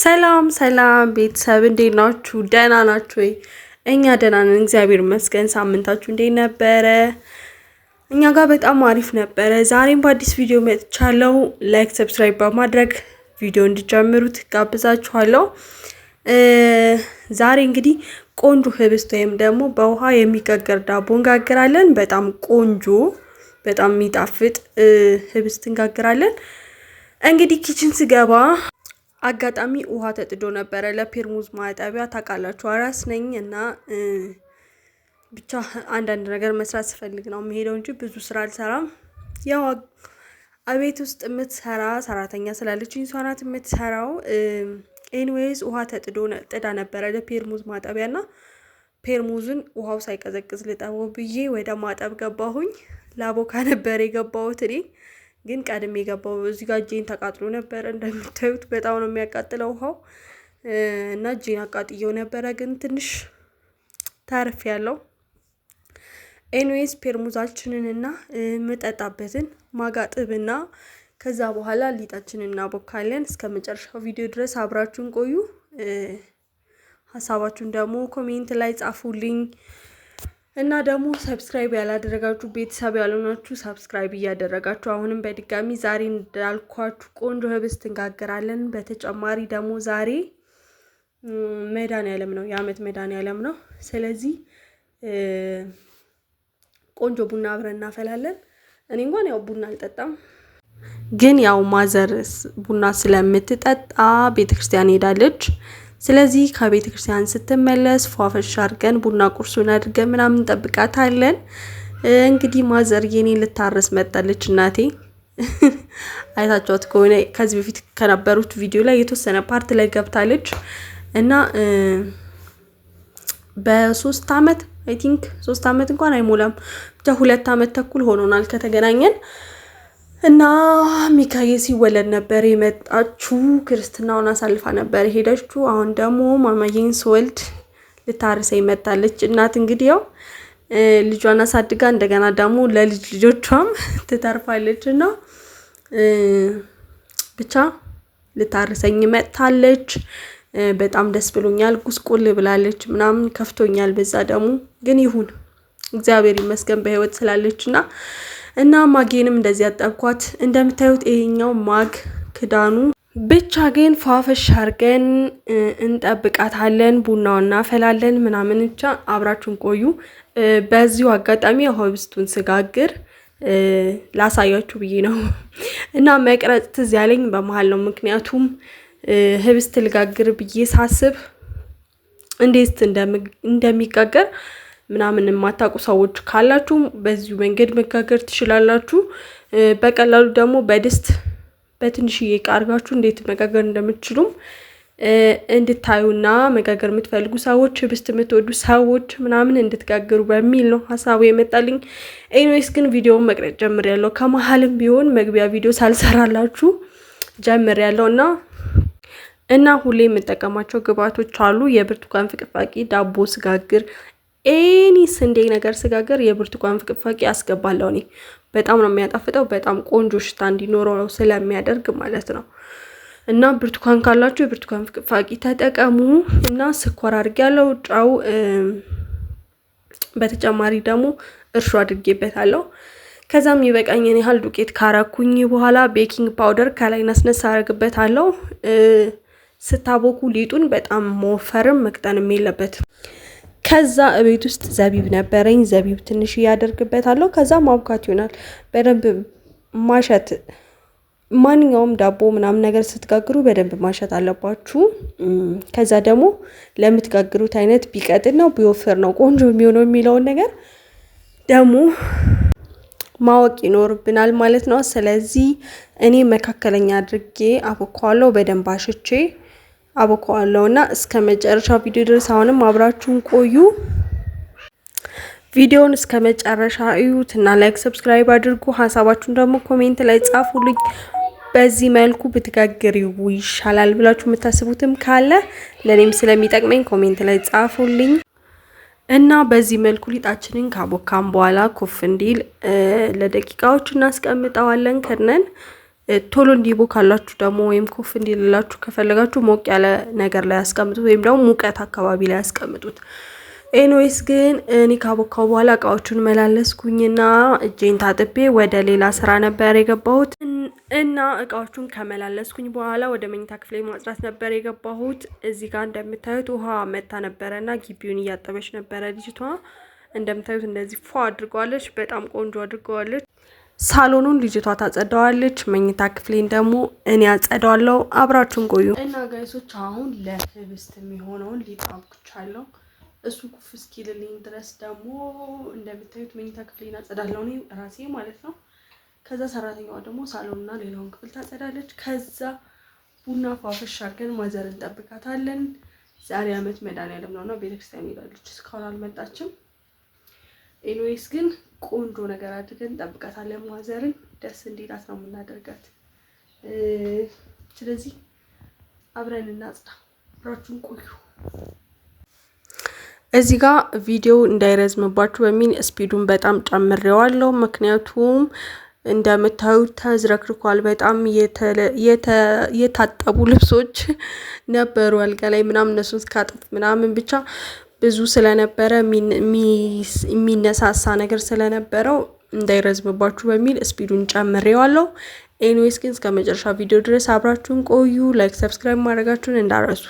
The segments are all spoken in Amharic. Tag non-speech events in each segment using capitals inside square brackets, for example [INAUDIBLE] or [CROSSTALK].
ሰላም ሰላም ቤተሰብ እንዴት ናችሁ? ደህና ናችሁ ወይ? እኛ ደህና ነን እግዚአብሔር ይመስገን። ሳምንታችሁ እንዴት ነበረ? እኛ ጋር በጣም አሪፍ ነበረ። ዛሬም በአዲስ ቪዲዮ መጥቻለሁ። ላይክ፣ ሰብስክራይብ በማድረግ ቪዲዮ እንድጀምሩት ጋብዛችኋለሁ። ዛሬ እንግዲህ ቆንጆ ህብስት ወይም ደግሞ በውሃ የሚጋገር ዳቦ እንጋግራለን። በጣም ቆንጆ በጣም የሚጣፍጥ ህብስት እንጋግራለን። እንግዲህ ኪችን ስገባ አጋጣሚ ውሃ ተጥዶ ነበረ ለፔርሙዝ ማጠቢያ ታውቃላችሁ፣ አራስ ነኝ እና ብቻ አንዳንድ ነገር መስራት ስፈልግ ነው የምሄደው እንጂ ብዙ ስራ አልሰራም። ያው አቤት ውስጥ የምትሰራ ሰራተኛ ስላለችኝ እሷ ናት የምትሰራው። ኤኒዌይዝ ውሃ ተጥዶ ጥዳ ነበረ ለፔርሙዝ ማጠቢያ እና ፔርሙዝን ውሃው ሳይቀዘቅዝ ልጠበው ብዬ ወደ ማጠብ ገባሁኝ። ላቦካ ነበር የገባሁት እኔ ግን ቀድም የገባው እዚህ ጋር እጄን ተቃጥሎ ነበረ እንደምታዩት፣ በጣም ነው የሚያቃጥለው ውሃው እና እጄን አቃጥየው ነበረ፣ ግን ትንሽ ታርፍ ያለው ኤንዌስ ፔርሙዛችንን እና መጠጣበትን ማጋጥብና ከዛ በኋላ ሊጣችንን እናቦካለን። እስከ መጨረሻው ቪዲዮ ድረስ አብራችሁን ቆዩ። ሀሳባችሁን ደግሞ ኮሜንት ላይ ጻፉልኝ። እና ደግሞ ሰብስክራይብ ያላደረጋችሁ ቤተሰብ ያልሆናችሁ ሰብስክራይብ እያደረጋችሁ አሁንም በድጋሚ ዛሬ እንዳልኳችሁ ቆንጆ ህብስት እንጋገራለን። በተጨማሪ ደግሞ ዛሬ መድኃኒዓለም ነው፣ የዓመት መድኃኒዓለም ነው። ስለዚህ ቆንጆ ቡና አብረን እናፈላለን። እኔ እንኳን ያው ቡና አልጠጣም፣ ግን ያው ማዘር ቡና ስለምትጠጣ ቤተክርስቲያን ሄዳለች። ስለዚህ ከቤተ ክርስቲያን ስትመለስ ፏፈሻ አድርገን ቡና ቁርሱን አድርገን ምናምን እንጠብቃታለን። እንግዲህ ማዘር የኔ ልታረስ መጣለች እናቴ። [LAUGHS] አይታችኋት ከሆነ ከዚህ በፊት ከነበሩት ቪዲዮ ላይ የተወሰነ ፓርት ላይ ገብታለች እና በሶስት አመት አይ ቲንክ ሶስት አመት እንኳን አይሞላም ብቻ ሁለት አመት ተኩል ሆኖናል ከተገናኘን እና ሚካዬ ሲወለድ ነበር የመጣችሁ። ክርስትናውን አሳልፋ ነበር ሄደችሁ። አሁን ደግሞ ማማዬን ስወልድ ልታርሰ ይመጣለች። እናት እንግዲህ ያው ልጇን አሳድጋ እንደገና ደግሞ ለልጅ ልጆቿም ትተርፋለች እና ብቻ ልታርሰኝ መጥታለች። በጣም ደስ ብሎኛል። ጉስቁል ብላለች ምናምን ከፍቶኛል። በዛ ደግሞ ግን ይሁን እግዚአብሔር ይመስገን በህይወት ስላለች እና እና ማጌንም እንደዚህ ያጠብኳት እንደምታዩት ይሄኛው ማግ ክዳኑ ብቻ ግን ፏፈሽ አርገን እንጠብቃታለን። ቡናው እናፈላለን ምናምን ብቻ አብራችሁን ቆዩ። በዚሁ አጋጣሚ ሆብስቱን ስጋግር ላሳያችሁ ብዬ ነው እና መቅረጽ ትዝ ያለኝ በመሀል ነው። ምክንያቱም ህብስት ልጋግር ብዬ ሳስብ እንዴት እንደሚጋገር ምናምን የማታውቁ ሰዎች ካላችሁ በዚሁ መንገድ መጋገር ትችላላችሁ። በቀላሉ ደግሞ በድስት በትንሽዬ ዕቃ አድርጋችሁ እንዴት መጋገር እንደምትችሉም እንድታዩና መጋገር የምትፈልጉ ሰዎች፣ ህብስት የምትወዱ ሰዎች ምናምን እንድትጋግሩ በሚል ነው ሀሳቡ የመጣልኝ። ኤኒዌይስ ግን ቪዲዮውን መቅረጥ ያለው ከመሀልም ቢሆን መግቢያ ቪዲዮ ሳልሰራላችሁ ያለው እና እና ሁሌ የምጠቀማቸው ግብአቶች አሉ። የብርቱካን ፍቅፋቂ ዳቦ ስጋግር ኤኒ ስንዴ ነገር ስጋገር የብርቱካን ፍቅፋቂ አስገባለሁ። እኔ በጣም ነው የሚያጣፍጠው። በጣም ቆንጆ ሽታ እንዲኖረው ስለሚያደርግ ማለት ነው። እና ብርቱካን ካላችሁ የብርቱካን ፍቅፋቂ ተጠቀሙ። እና ስኳር አድርጌ ያለው ጫው፣ በተጨማሪ ደግሞ እርሾ አድርጌበታለሁ። ከዛም የበቃኝን ያህል ዱቄት ካረኩኝ በኋላ ቤኪንግ ፓውደር ከላይ ነስነስ አደርግበታለሁ። ስታቦኩ ሊጡን በጣም መወፈርም መቅጠንም የለበትም። ከዛ እቤት ውስጥ ዘቢብ ነበረኝ። ዘቢብ ትንሽ እያደርግበታለሁ። ከዛ ማቡካት ይሆናል በደንብ ማሸት ማንኛውም ዳቦ ምናምን ነገር ስትጋግሩ በደንብ ማሸት አለባችሁ። ከዛ ደግሞ ለምትጋግሩት አይነት ቢቀጥን ነው ቢወፍር ነው ቆንጆ የሚሆነው የሚለውን ነገር ደግሞ ማወቅ ይኖርብናል ማለት ነው። ስለዚህ እኔ መካከለኛ አድርጌ አቦካዋለሁ በደንብ አሽቼ አበቃዋለሁ እና እስከ መጨረሻ ቪዲዮ ድረስ አሁንም አብራችሁን ቆዩ። ቪዲዮውን እስከ መጨረሻ እዩት እና ላይክ ሰብስክራይብ አድርጉ። ሀሳባችሁን ደግሞ ኮሜንት ላይ ጻፉልኝ። በዚህ መልኩ ብትጋግሪው ይሻላል ብላችሁ የምታስቡትም ካለ ለእኔም ስለሚጠቅመኝ ኮሜንት ላይ ጻፉልኝ። እና በዚህ መልኩ ሊጣችንን ካቦካም በኋላ ኩፍ እንዲል ለደቂቃዎች እናስቀምጠዋለን ከድነን ቶሎ እንዲቦ ካላችሁ ደግሞ ወይም ኮፍ እንዲልላችሁ ከፈለጋችሁ ሞቅ ያለ ነገር ላይ ያስቀምጡት፣ ወይም ደግሞ ሙቀት አካባቢ ላይ ያስቀምጡት። ኤንዌይስ ግን እኔ ካቦካው በኋላ እቃዎቹን መላለስኩኝና እጄን ታጥቤ ወደ ሌላ ስራ ነበር የገባሁት እና እቃዎቹን ከመላለስኩኝ በኋላ ወደ መኝታ ክፍሌ ማጽዳት ነበር የገባሁት። እዚህ ጋር እንደምታዩት ውሃ መታ ነበረና ግቢውን እያጠበች ነበረ ልጅቷ። እንደምታዩት እንደዚህ ፏ አድርገዋለች። በጣም ቆንጆ አድርገዋለች። ሳሎኑን ልጅቷ ታጸዳዋለች። መኝታ ክፍሌን ደግሞ እኔ አጸዳዋለሁ። አብራችሁን ቆዩ እና ጋይሶች፣ አሁን ለህብስት የሚሆነውን ሊጥ አብኩቻለሁ። እሱ ኩፍ እስኪልልኝ ድረስ ደግሞ እንደምታዩት መኝታ ክፍሌን አጸዳለሁ እኔ ራሴ ማለት ነው። ከዛ ሰራተኛዋ ደግሞ ሳሎንና ሌላውን ክፍል ታጸዳለች። ከዛ ቡና ፏፈሽ አድርገን ማዘር እንጠብቃታለን። ዛሬ አመት መድኃኒዓለም ነውና ቤተክርስቲያን ሄዳለች። እስካሁን አልመጣችም። ኤኒዌይስ ግን ቆንጆ ነገር አድርገን እንጠብቃታለን። ማዘርን ደስ እንዲላት ነው የምናደርጋት። ስለዚህ አብረን እናጽዳ። አብራችሁን ቆዩ። እዚህ ጋር ቪዲዮ እንዳይረዝምባችሁ በሚል ስፒዱን በጣም ጨምሬዋለሁ። ምክንያቱም እንደምታዩት ተዝረክርኳል። በጣም የታጠቡ ልብሶች ነበሩ አልጋ ላይ ምናምን እነሱን እስካጥፍ ምናምን ብቻ ብዙ ስለነበረ የሚነሳሳ ነገር ስለነበረው እንዳይረዝምባችሁ በሚል ስፒዱን ጨምሬዋለሁ። ኤኒዌይስ ግን እስከ መጨረሻ ቪዲዮ ድረስ አብራችሁን ቆዩ። ላይክ፣ ሰብስክራይብ ማድረጋችሁን እንዳረሱ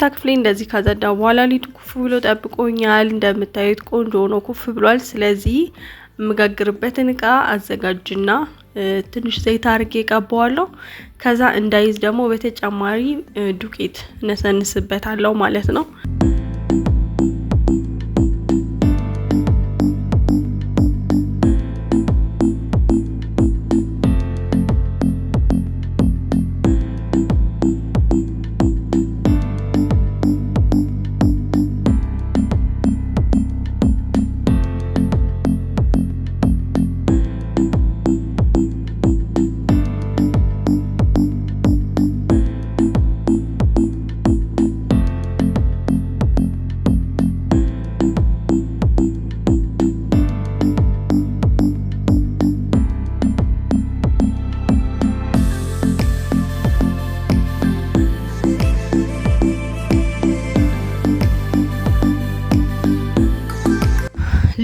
መኝታ ክፍሌ እንደዚህ ከጸዳ በኋላ ሊጡ ኩፍ ብሎ ጠብቆኛል። እንደምታዩት ቆንጆ ሆኖ ኩፍ ብሏል። ስለዚህ የምጋግርበትን እቃ አዘጋጅና ትንሽ ዘይት አርጌ ቀባዋለሁ። ከዛ እንዳይዝ ደግሞ በተጨማሪ ዱቄት እነሰንስበታለሁ ማለት ነው።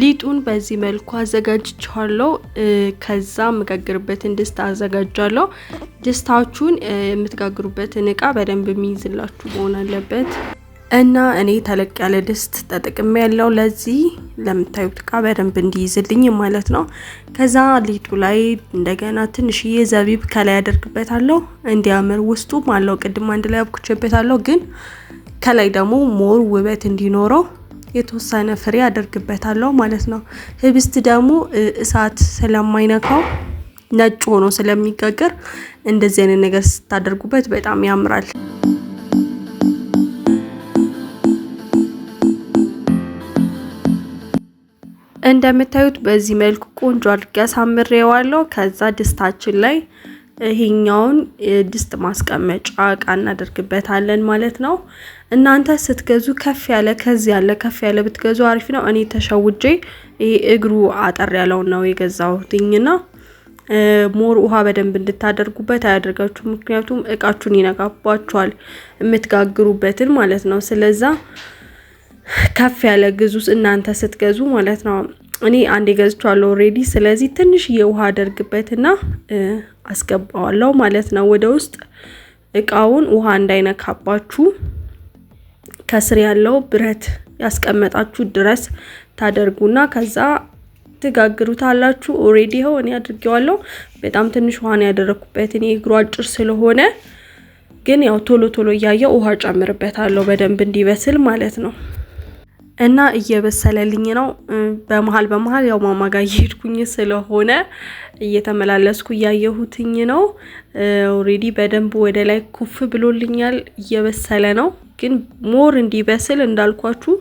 ሊጡን በዚህ መልኩ አዘጋጅቻለሁ። ከዛ የምጋግርበትን ድስት አዘጋጃለሁ። ድስታችሁን የምትጋግሩበትን እቃ በደንብ የሚይዝላችሁ መሆን አለበት። እና እኔ ተለቅ ያለ ድስት ተጠቅሜ ያለው ለዚህ ለምታዩት እቃ በደንብ እንዲይዝልኝ ማለት ነው። ከዛ ሊጡ ላይ እንደገና ትንሽዬ ዘቢብ ከላይ ያደርግበታለሁ እንዲያምር። ውስጡ አለው ቅድም አንድ ላይ አብኩቼበታለሁ፣ ግን ከላይ ደግሞ ሞር ውበት እንዲኖረው የተወሰነ ፍሬ አደርግበታለሁ ማለት ነው። ህብስት ደግሞ እሳት ስለማይነካው ነጭ ሆኖ ስለሚጋገር እንደዚህ አይነት ነገር ስታደርጉበት በጣም ያምራል። እንደምታዩት በዚህ መልኩ ቆንጆ አድርጌ አሳምሬዋለሁ። ከዛ ድስታችን ላይ ይሄኛውን ድስት ማስቀመጫ እቃ እናደርግበታለን ማለት ነው። እናንተ ስትገዙ ከፍ ያለ ከዚህ ያለ ከፍ ያለ ብትገዙ አሪፍ ነው። እኔ ተሸውጄ ይሄ እግሩ አጠር ያለውን ነው የገዛሁትኝና ሞር ውሃ በደንብ እንድታደርጉበት አያደርጋችሁ። ምክንያቱም እቃችሁን ይነካባችኋል፣ የምትጋግሩበትን ማለት ነው። ስለዛ ከፍ ያለ ግዙስ እናንተ ስትገዙ ማለት ነው። እኔ አንድ ገዝቻለሁ ኦልሬዲ። ስለዚህ ትንሽዬ ውሃ አደርግበትና አስገባዋለሁ ማለት ነው ወደ ውስጥ እቃውን ውሃ እንዳይነካባችሁ ከስር ያለው ብረት ያስቀመጣችሁ ድረስ ታደርጉና ከዛ ትጋግሩታላችሁ። ኦሬዲ ይኸው እኔ አድርጌዋለሁ። በጣም ትንሽ ውሃ ነው ያደረኩበት እኔ እግሩ አጭር ስለሆነ፣ ግን ያው ቶሎ ቶሎ እያየው ውሃ ጨምርበታለሁ በደንብ እንዲበስል ማለት ነው። እና እየበሰለልኝ ነው። በመሀል በመሀል ያው ማማ ጋር እየሄድኩኝ ስለሆነ እየተመላለስኩ እያየሁትኝ ነው። ኦሬዲ በደንብ ወደ ላይ ኩፍ ብሎልኛል፣ እየበሰለ ነው። ግን ሞር እንዲበስል እንዳልኳችሁ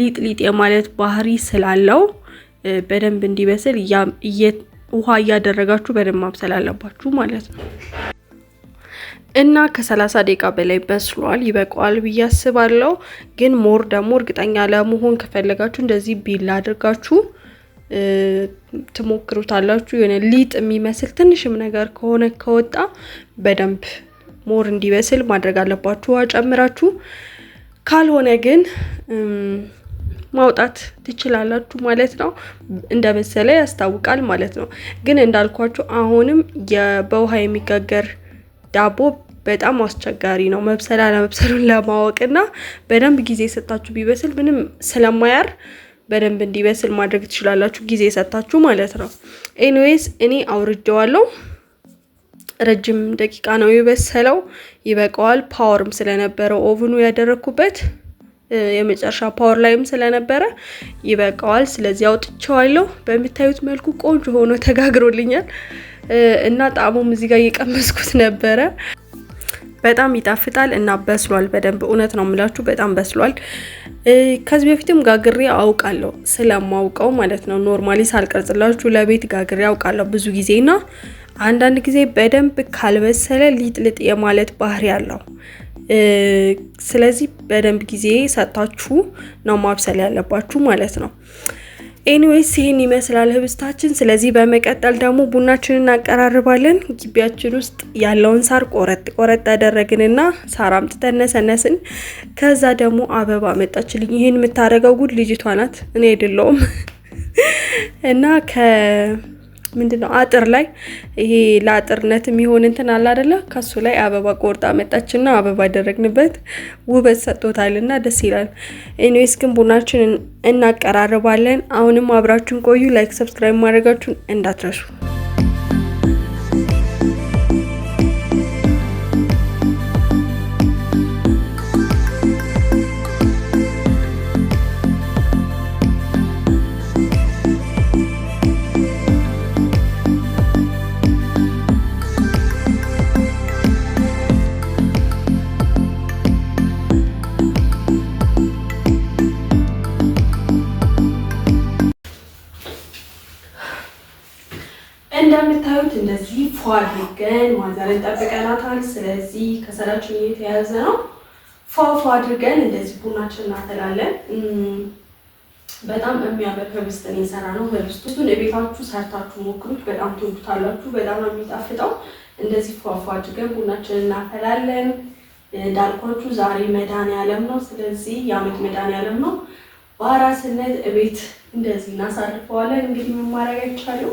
ሊጥ ሊጥ የማለት ባህሪ ስላለው በደንብ እንዲበስል ውሃ እያደረጋችሁ በደንብ ማብሰል አለባችሁ ማለት ነው። እና ከ30 ደቂቃ በላይ በስሏል፣ ይበቃዋል ብዬ አስባለሁ። ግን ሞር ደግሞ እርግጠኛ ለመሆን ከፈለጋችሁ እንደዚህ ቢላ አድርጋችሁ ትሞክሩታላችሁ። የሆነ ሊጥ የሚመስል ትንሽም ነገር ከሆነ ከወጣ በደንብ ሞር እንዲበስል ማድረግ አለባችሁ አጨምራችሁ። ካልሆነ ግን ማውጣት ትችላላችሁ ማለት ነው። እንደ ያስታውቃል ማለት ነው። ግን እንዳልኳችሁ አሁንም በውሃ የሚጋገር ዳቦ በጣም አስቸጋሪ ነው መብሰል አለመብሰሉን ለማወቅና በደንብ ጊዜ የሰጣችሁ ቢበስል ምንም ስለማያር በደንብ እንዲበስል ማድረግ ትችላላችሁ፣ ጊዜ ሰጣችሁ ማለት ነው። ኤኒዌይስ እኔ አውርጀዋለሁ። ረጅም ደቂቃ ነው የበሰለው፣ ይበቃዋል። ፓወርም ስለነበረው ኦቭኑ ያደረግኩበት የመጨረሻ ፓወር ላይም ስለነበረ ይበቃዋል። ስለዚህ አውጥቼዋለሁ። በምታዩት መልኩ ቆንጆ ሆኖ ተጋግሮልኛል። እና ጣዕሙም እዚህ ጋር እየቀመስኩት ነበረ። በጣም ይጣፍጣል እና በስሏል በደንብ እውነት ነው የምላችሁ፣ በጣም በስሏል። ከዚህ በፊትም ጋግሬ አውቃለሁ ስለማውቀው ማለት ነው። ኖርማሊ ሳልቀርጽላችሁ ለቤት ጋግሬ አውቃለሁ ብዙ ጊዜ እና አንዳንድ ጊዜ በደንብ ካልበሰለ ሊጥልጥ የማለት ባህሪ አለው። ስለዚህ በደንብ ጊዜ ሰጥታችሁ ነው ማብሰል ያለባችሁ ማለት ነው። ኤኒዌይስ ይህን ይመስላል ህብስታችን። ስለዚህ በመቀጠል ደግሞ ቡናችንን እናቀራርባለን። ግቢያችን ውስጥ ያለውን ሳር ቆረጥ ቆረጥ ያደረግንና ሳር አምጥተን ነሰነስን። ከዛ ደግሞ አበባ መጣችልኝ። ይህን የምታደርገው ጉድ ልጅቷ ናት፣ እኔ አይደለሁም [LAUGHS] እና ምንድነው አጥር ላይ ይሄ ለአጥርነት የሚሆን እንትን አለ አደለ? ከሱ ላይ አበባ ቆርጣ መጣችና አበባ ያደረግንበት ውበት ሰጥቶታልና ደስ ይላል። ኤኒዌይስ ግን ቡናችን እናቀራርባለን። አሁንም አብራችሁን ቆዩ። ላይክ፣ ሰብስክራይብ ማድረጋችሁን እንዳትረሱ። አድርገን ማዘርን ጠብቀናታል። ስለዚህ ከሰላችን እየተያዘ ነው። ፏፏ አድርገን እንደዚህ ቡናችን እናፈላለን። በጣም የሚያምር ህብስት ነው የሰራ ነው። ህብስቱን ቤታችሁ ሰርታችሁ ሞክሩት። በጣም ትወዱታላችሁ። በጣም ነው የሚጣፍጠው። እንደዚህ ፏፏ አድርገን ቡናችን እናፈላለን። እንዳልኳችሁ ዛሬ መድኃኒዓለም ነው። ስለዚህ የዓመት መድኃኒዓለም ነው። በአራስነት እቤት እንደዚህ እናሳርፈዋለን። እንግዲህ መማረግ አይቻልም።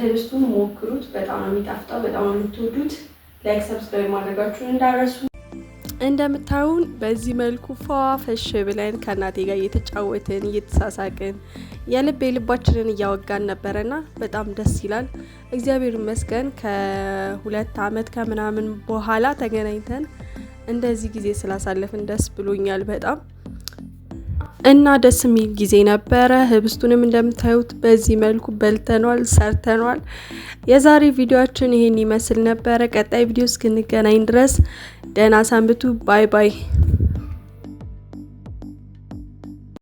ህብስቱን ሞክሩት። በጣም ነው የሚጣፍጠው። በጣም ነው የምትወዱት። ላይክ፣ ሰብስክራይብ ማድረጋችሁን እንዳረሱ። እንደምታዩን በዚህ መልኩ ፏፈሽ ብለን ከእናቴ ጋር እየተጫወትን እየተሳሳቅን የልብ የልባችንን እያወጋን ነበረና በጣም ደስ ይላል። እግዚአብሔር ይመስገን ከሁለት አመት ከምናምን በኋላ ተገናኝተን እንደዚህ ጊዜ ስላሳለፍን ደስ ብሎኛል በጣም እና ደስ የሚል ጊዜ ነበረ። ህብስቱንም እንደምታዩት በዚህ መልኩ በልተኗል፣ ሰርተኗል። የዛሬ ቪዲዮችን ይሄን ይመስል ነበረ። ቀጣይ ቪዲዮ እስክንገናኝ ድረስ ደህና ሰንብቱ። ባይ ባይ።